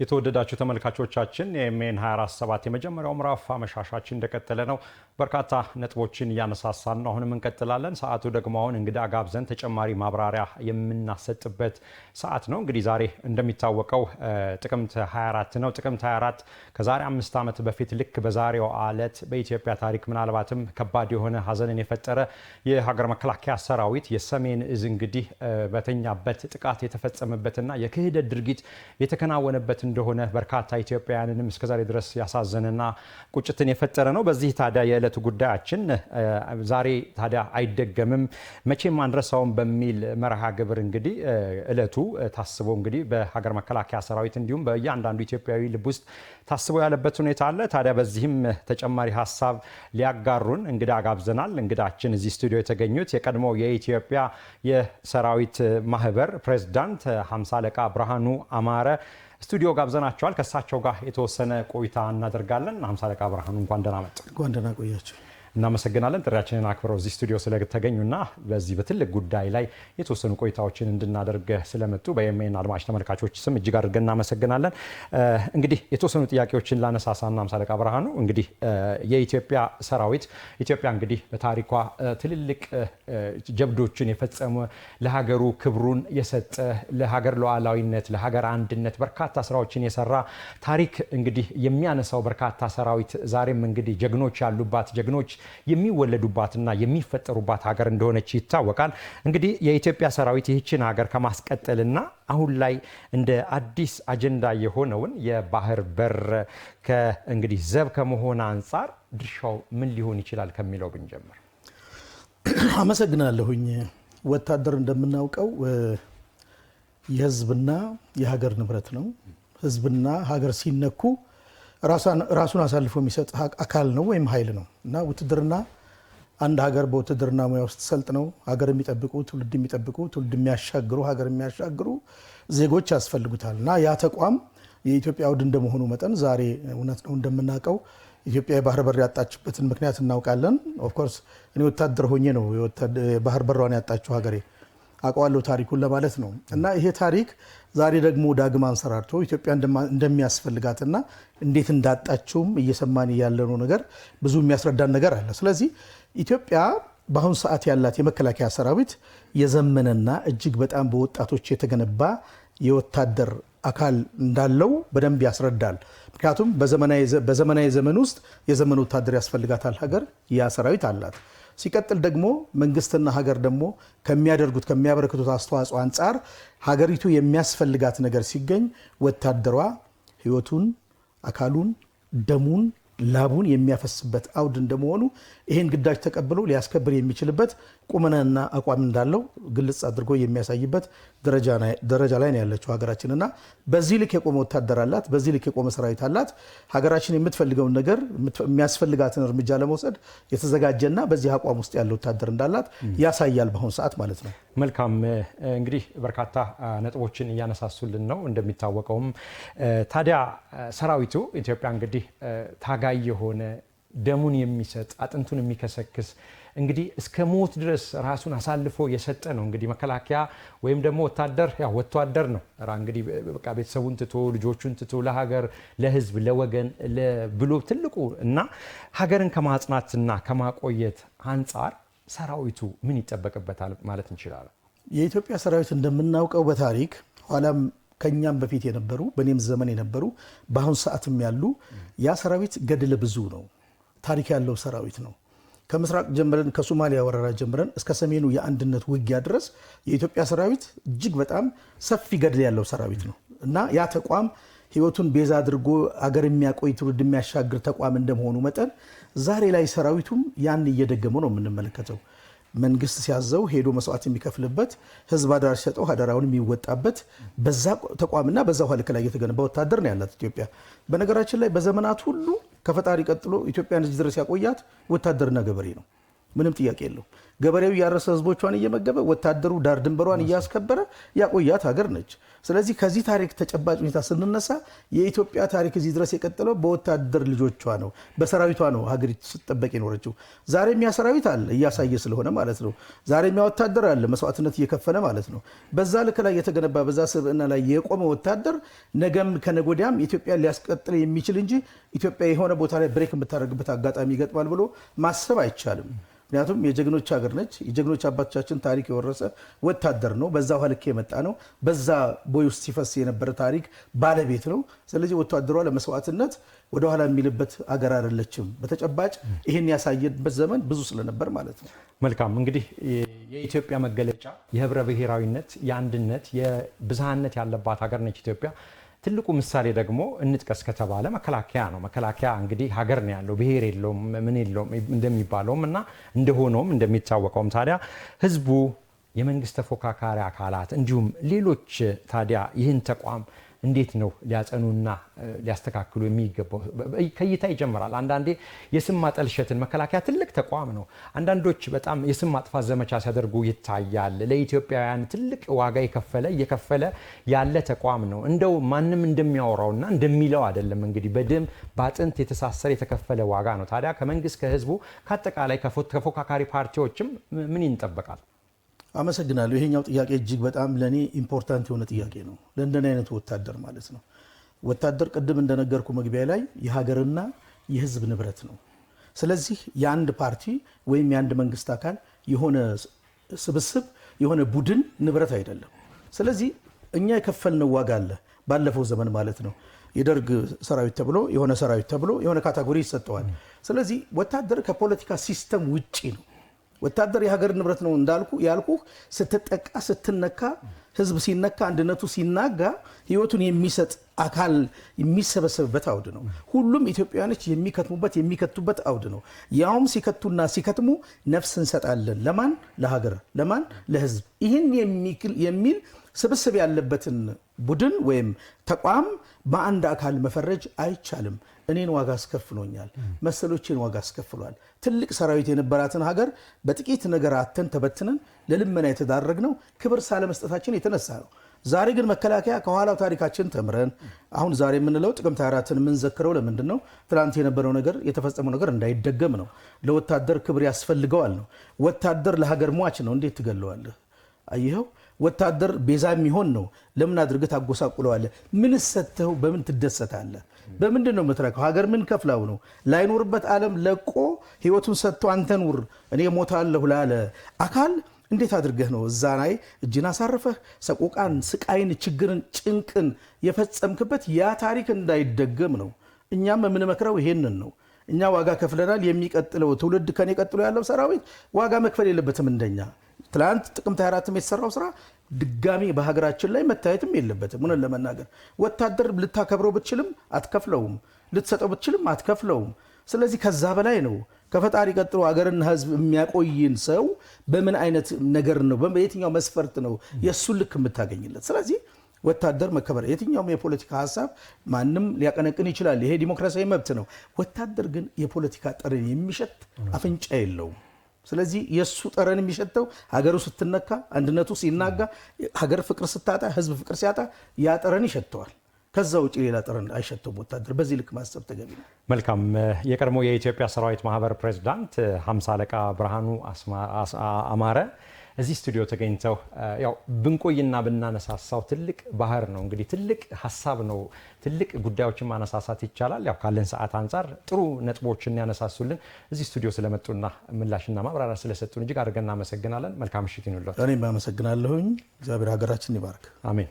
የተወደዳችሁ ተመልካቾቻችን የኤኤምኤን 24 የመጀመሪያው ምዕራፍ አመሻሻችን እንደቀጠለ ነው። በርካታ ነጥቦችን እያነሳሳን ነው። አሁንም እንቀጥላለን። ሰዓቱ ደግሞ አሁን እንግዳ ጋብዘን ተጨማሪ ማብራሪያ የምናሰጥበት ሰዓት ነው። እንግዲህ ዛሬ እንደሚታወቀው ጥቅምት 24 ነው። ጥቅምት 24 ከዛሬ አምስት ዓመት በፊት ልክ በዛሬው ዕለት በኢትዮጵያ ታሪክ ምናልባትም ከባድ የሆነ ሀዘንን የፈጠረ የሀገር መከላከያ ሰራዊት የሰሜን እዝ እንግዲህ በተኛበት ጥቃት የተፈጸመበትና የክህደት ድርጊት የተከናወነበት እንደሆነ በርካታ ኢትዮጵያውያንንም እስከዛሬ ድረስ ያሳዘነና ቁጭትን የፈጠረ ነው። በዚህ ታዲያ የዕለቱ ጉዳያችን ዛሬ ታዲያ አይደገምም መቼም አንረሳውም በሚል መርሃ ግብር እንግዲህ ዕለቱ ታስቦ እንግዲህ በሀገር መከላከያ ሰራዊት እንዲሁም በእያንዳንዱ ኢትዮጵያዊ ልብ ውስጥ ታስቦ ያለበት ሁኔታ አለ። ታዲያ በዚህም ተጨማሪ ሀሳብ ሊያጋሩን እንግዳ ጋብዘናል። እንግዳችን እዚህ ስቱዲዮ የተገኙት የቀድሞ የኢትዮጵያ የሰራዊት ማህበር ፕሬዝዳንት ሀምሳ አለቃ ብርሃኑ አማረ ስቱዲዮ ጋብዘናቸዋል። ከእሳቸው ጋር የተወሰነ ቆይታ እናደርጋለን። ሀምሳ አለቃ ብርሃኑ እንኳን ደህና መጡ። እንኳን ደህና ቆያቸው። እናመሰግናለን። ጥሪያችንን አክብረው እዚህ ስቱዲዮ ስለተገኙና በዚህ በትልቅ ጉዳይ ላይ የተወሰኑ ቆይታዎችን እንድናደርግ ስለመጡ በየሜን አድማጭ ተመልካቾች ስም እጅግ አድርገን እናመሰግናለን። እንግዲህ የተወሰኑ ጥያቄዎችን ላነሳሳ ና አለቃ ብርሃኑ እንግዲህ የኢትዮጵያ ሰራዊት ኢትዮጵያ እንግዲህ በታሪኳ ትልልቅ ጀብዶችን የፈጸመ ለሀገሩ ክብሩን የሰጠ ለሀገር ሉዓላዊነት ለሀገር አንድነት በርካታ ስራዎችን የሰራ ታሪክ እንግዲህ የሚያነሳው በርካታ ሰራዊት ዛሬም እንግዲህ ጀግኖች ያሉባት ጀግኖች የሚወለዱባትና የሚፈጠሩባት ሀገር እንደሆነች ይታወቃል። እንግዲህ የኢትዮጵያ ሰራዊት ይህችን ሀገር ከማስቀጠልና አሁን ላይ እንደ አዲስ አጀንዳ የሆነውን የባህር በር እንግዲህ ዘብ ከመሆን አንጻር ድርሻው ምን ሊሆን ይችላል ከሚለው ብንጀምር። አመሰግናለሁኝ። ወታደር እንደምናውቀው የህዝብና የሀገር ንብረት ነው። ህዝብና ሀገር ሲነኩ ራሱን አሳልፎ የሚሰጥ አካል ነው ወይም ኃይል ነው እና ውትድርና አንድ ሀገር በውትድርና ሙያ ውስጥ ሰልጥነው ሀገር የሚጠብቁ ትውልድ የሚጠብቁ ትውልድ የሚያሻግሩ ሀገር የሚያሻግሩ ዜጎች ያስፈልጉታል እና ያ ተቋም የኢትዮጵያ አውድ እንደመሆኑ መጠን ዛሬ እውነት ነው እንደምናውቀው ኢትዮጵያ የባህር በር ያጣችበትን ምክንያት እናውቃለን። ኦፍኮርስ እኔ ወታደር ሆኜ ነው የባህር በሯን ያጣችው ሀገሬ አውቀዋለሁ ታሪኩን ለማለት ነው እና ይሄ ታሪክ ዛሬ ደግሞ ዳግም አንሰራርቶ ኢትዮጵያ እንደሚያስፈልጋትና እንዴት እንዳጣችውም እየሰማን ያለነው ነገር ብዙ የሚያስረዳን ነገር አለ። ስለዚህ ኢትዮጵያ በአሁኑ ሰዓት ያላት የመከላከያ ሰራዊት የዘመነና እጅግ በጣም በወጣቶች የተገነባ የወታደር አካል እንዳለው በደንብ ያስረዳል። ምክንያቱም በዘመናዊ ዘመን ውስጥ የዘመን ወታደር ያስፈልጋታል ሀገር ያ ሰራዊት አላት። ሲቀጥል ደግሞ መንግስትና ሀገር ደግሞ ከሚያደርጉት ከሚያበረክቱት አስተዋጽኦ አንጻር ሀገሪቱ የሚያስፈልጋት ነገር ሲገኝ ወታደሯ ህይወቱን አካሉን፣ ደሙን ላቡን የሚያፈስበት አውድ እንደመሆኑ ይህን ግዳጅ ተቀብሎ ሊያስከብር የሚችልበት ቁመናና አቋም እንዳለው ግልጽ አድርጎ የሚያሳይበት ደረጃ ላይ ነው ያለችው ሀገራችን እና በዚህ ልክ የቆመ ወታደር አላት፣ በዚህ ልክ የቆመ ሰራዊት አላት። ሀገራችን የምትፈልገውን ነገር የሚያስፈልጋትን እርምጃ ለመውሰድ የተዘጋጀና በዚህ አቋም ውስጥ ያለ ወታደር እንዳላት ያሳያል በአሁኑ ሰዓት ማለት ነው። መልካም እንግዲህ በርካታ ነጥቦችን እያነሳሱልን ነው። እንደሚታወቀውም ታዲያ ሰራዊቱ ኢትዮጵያ እንግዲህ ታጋይ የሆነ ደሙን የሚሰጥ አጥንቱን የሚከሰክስ እንግዲህ እስከ ሞት ድረስ ራሱን አሳልፎ የሰጠ ነው። እንግዲህ መከላከያ ወይም ደግሞ ወታደር ያው ወታደር ነው። እንግዲህ በቃ ቤተሰቡን ትቶ ልጆቹን ትቶ ለሀገር፣ ለህዝብ ለወገን ብሎ ትልቁ እና ሀገርን ከማጽናትና ከማቆየት አንጻር ሰራዊቱ ምን ይጠበቅበታል ማለት እንችላለን? የኢትዮጵያ ሰራዊት እንደምናውቀው በታሪክ ኋላም ከእኛም በፊት የነበሩ በእኔም ዘመን የነበሩ በአሁን ሰዓትም ያሉ ያ ሰራዊት ገድለ ብዙ ነው። ታሪክ ያለው ሰራዊት ነው። ከምስራቅ ጀምረን ከሶማሊያ ወረራ ጀምረን እስከ ሰሜኑ የአንድነት ውጊያ ድረስ የኢትዮጵያ ሰራዊት እጅግ በጣም ሰፊ ገድል ያለው ሰራዊት ነው እና ያ ተቋም ህይወቱን ቤዛ አድርጎ አገር የሚያቆይ ትውልድ የሚያሻግር ተቋም እንደመሆኑ መጠን ዛሬ ላይ ሰራዊቱም ያን እየደገመ ነው የምንመለከተው። መንግስት ሲያዘው ሄዶ መስዋዕት የሚከፍልበት ህዝብ አደራ ሲሰጠው አደራውን የሚወጣበት በዛ ተቋምና በዛ ኋልክ ላይ የተገነባ ወታደር ነው ያላት ኢትዮጵያ። በነገራችን ላይ በዘመናት ሁሉ ከፈጣሪ ቀጥሎ ኢትዮጵያን እዚህ ድረስ ያቆያት ወታደርና ገበሬ ነው። ምንም ጥያቄ የለው። ገበሬው እያረሰ ህዝቦቿን እየመገበ ወታደሩ ዳር ድንበሯን እያስከበረ ያቆያት ሀገር ነች። ስለዚህ ከዚህ ታሪክ ተጨባጭ ሁኔታ ስንነሳ የኢትዮጵያ ታሪክ እዚህ ድረስ የቀጠለው በወታደር ልጆቿ ነው፣ በሰራዊቷ ነው ሀገሪቱ ስትጠበቅ የኖረችው። ዛሬም ያ ሰራዊት አለ እያሳየ ስለሆነ ማለት ነው። ዛሬም ያ ወታደር አለ መስዋዕትነት እየከፈለ ማለት ነው። በዛ ልክ ላይ የተገነባ በዛ ስብዕና ላይ የቆመ ወታደር ነገም ከነጎዲያም ኢትዮጵያ ሊያስቀጥል የሚችል እንጂ ኢትዮጵያ የሆነ ቦታ ላይ ብሬክ የምታደርግበት አጋጣሚ ይገጥማል ብሎ ማሰብ አይቻልም። ምክንያቱም የጀግኖች ሀገር ነች። የጀግኖች አባቶቻችን ታሪክ የወረሰ ወታደር ነው። በዛ ውሃ ልክ የመጣ ነው። በዛ ቦይ ውስጥ ሲፈስ የነበረ ታሪክ ባለቤት ነው። ስለዚህ ወታደሯ ለመስዋዕትነት ወደኋላ የሚልበት አገር አይደለችም። በተጨባጭ ይህን ያሳየበት ዘመን ብዙ ስለነበር ማለት ነው። መልካም እንግዲህ የኢትዮጵያ መገለጫ የህብረ ብሔራዊነት፣ የአንድነት፣ የብዝሃነት ያለባት ሀገር ነች ኢትዮጵያ። ትልቁ ምሳሌ ደግሞ እንጥቀስ ከተባለ መከላከያ ነው። መከላከያ እንግዲህ ሀገር ነው ያለው፣ ብሔር የለውም ምን የለውም እንደሚባለውም እና እንደሆነውም እንደሚታወቀውም ታዲያ ህዝቡ የመንግስት ተፎካካሪ አካላት እንዲሁም ሌሎች ታዲያ ይህን ተቋም እንዴት ነው ሊያጸኑና ሊያስተካክሉ የሚገባው? ከእይታ ይጀምራል። አንዳንዴ የስም ማጠልሸትን መከላከያ ትልቅ ተቋም ነው። አንዳንዶች በጣም የስም ማጥፋት ዘመቻ ሲያደርጉ ይታያል። ለኢትዮጵያውያን ትልቅ ዋጋ የከፈለ እየከፈለ ያለ ተቋም ነው። እንደው ማንም እንደሚያወራውና እንደሚለው አይደለም። እንግዲህ በደም በአጥንት የተሳሰረ የተከፈለ ዋጋ ነው። ታዲያ ከመንግስት ከህዝቡ፣ ከአጠቃላይ ከፎካካሪ ፓርቲዎችም ምን ይንጠበቃል? አመሰግናለሁ። ይሄኛው ጥያቄ እጅግ በጣም ለእኔ ኢምፖርታንት የሆነ ጥያቄ ነው። ለእንደን አይነቱ ወታደር ማለት ነው። ወታደር ቅድም እንደነገርኩ መግቢያ ላይ የሀገርና የህዝብ ንብረት ነው። ስለዚህ የአንድ ፓርቲ ወይም የአንድ መንግስት አካል የሆነ ስብስብ የሆነ ቡድን ንብረት አይደለም። ስለዚህ እኛ የከፈልነው ዋጋ አለ። ባለፈው ዘመን ማለት ነው የደርግ ሰራዊት ተብሎ የሆነ ሰራዊት ተብሎ የሆነ ካታጎሪ ይሰጠዋል። ስለዚህ ወታደር ከፖለቲካ ሲስተም ውጪ ነው። ወታደር የሀገር ንብረት ነው እንዳልኩ ያልኩ ስትጠቃ ስትነካ ህዝብ ሲነካ አንድነቱ ሲናጋ ህይወቱን የሚሰጥ አካል የሚሰበሰብበት አውድ ነው። ሁሉም ኢትዮጵያውያኖች የሚከትሙበት የሚከቱበት አውድ ነው። ያውም ሲከቱና ሲከትሙ ነፍስ እንሰጣለን ለማን? ለሀገር። ለማን? ለህዝብ። ይህን የሚል ስብስብ ያለበትን ቡድን ወይም ተቋም በአንድ አካል መፈረጅ አይቻልም። እኔን ዋጋ አስከፍሎኛል፣ መሰሎቼን ዋጋ አስከፍሏል። ትልቅ ሰራዊት የነበራትን ሀገር በጥቂት ነገር አተን ተበትነን ለልመና የተዳረግነው ክብር ሳለመስጠታችን የተነሳ ነው። ዛሬ ግን መከላከያ ከኋላው ታሪካችን ተምረን አሁን ዛሬ የምንለው ጥቅምት አራትን የምንዘክረው ለምንድን ነው? ትላንት የነበረው ነገር የተፈጸመው ነገር እንዳይደገም ነው። ለወታደር ክብር ያስፈልገዋል ነው። ወታደር ለሀገር ሟች ነው። እንዴት ትገለዋለህ? አይኸው ወታደር ቤዛ የሚሆን ነው። ለምን አድርገህ ታጎሳቁለዋለህ? ምን ሰተው በምን ትደሰታለህ? በምንድን ነው የምትረካው? ሀገር ምን ከፍላው ነው ላይኖርበት ዓለም ለቆ ህይወቱን ሰጥቶ አንተ ኑር እኔ ሞታለሁ ላለ አካል እንዴት አድርገህ ነው እዛ ላይ እጅን አሳርፈህ ሰቆቃን፣ ስቃይን፣ ችግርን፣ ጭንቅን የፈጸምክበት ያ ታሪክ እንዳይደገም ነው። እኛም የምንመክረው ይሄንን ነው። እኛ ዋጋ ከፍለናል። የሚቀጥለው ትውልድ ከኔ ቀጥሎ ያለው ሰራዊት ዋጋ መክፈል የለበትም እንደኛ ትላንት ጥቅምት 24 የተሰራው ስራ ድጋሚ በሀገራችን ላይ መታየትም የለበትም። ሆነን ለመናገር ወታደር ልታከብረው ብትችልም አትከፍለውም፣ ልትሰጠው ብችልም አትከፍለውም። ስለዚህ ከዛ በላይ ነው። ከፈጣሪ ቀጥሎ ሀገርና ሕዝብ የሚያቆይን ሰው በምን አይነት ነገር ነው? በየትኛው መስፈርት ነው የእሱን ልክ የምታገኝለት? ስለዚህ ወታደር መከበር፣ የትኛውም የፖለቲካ ሀሳብ ማንም ሊያቀነቅን ይችላል። ይሄ ዲሞክራሲያዊ መብት ነው። ወታደር ግን የፖለቲካ ጠረን የሚሸት አፍንጫ የለውም። ስለዚህ የእሱ ጠረን የሚሸተው ሀገሩ ስትነካ፣ አንድነቱ ሲናጋ፣ ሀገር ፍቅር ስታጣ፣ ህዝብ ፍቅር ሲያጣ ያ ጠረን ይሸተዋል። ከዛ ውጭ ሌላ ጠረን አይሸተውም ወታደር። በዚህ ልክ ማሰብ ተገቢ ነው። መልካም። የቀድሞ የኢትዮጵያ ሰራዊት ማህበር ፕሬዚዳንት ሀምሳ አለቃ ብርሃኑ አማረ እዚህ ስቱዲዮ ተገኝተው ያው ብንቆይና ብናነሳሳው ትልቅ ባህር ነው እንግዲህ ትልቅ ሀሳብ ነው። ትልቅ ጉዳዮችን ማነሳሳት ይቻላል። ያው ካለን ሰዓት አንጻር ጥሩ ነጥቦችን ያነሳሱልን እዚህ ስቱዲዮ ስለመጡና ምላሽና ማብራሪያ ስለሰጡን እጅግ አድርገን እናመሰግናለን። መልካም ምሽት ይኑለት። እኔም አመሰግናለሁኝ። እግዚአብሔር ሀገራችን ይባርክ። አሜን።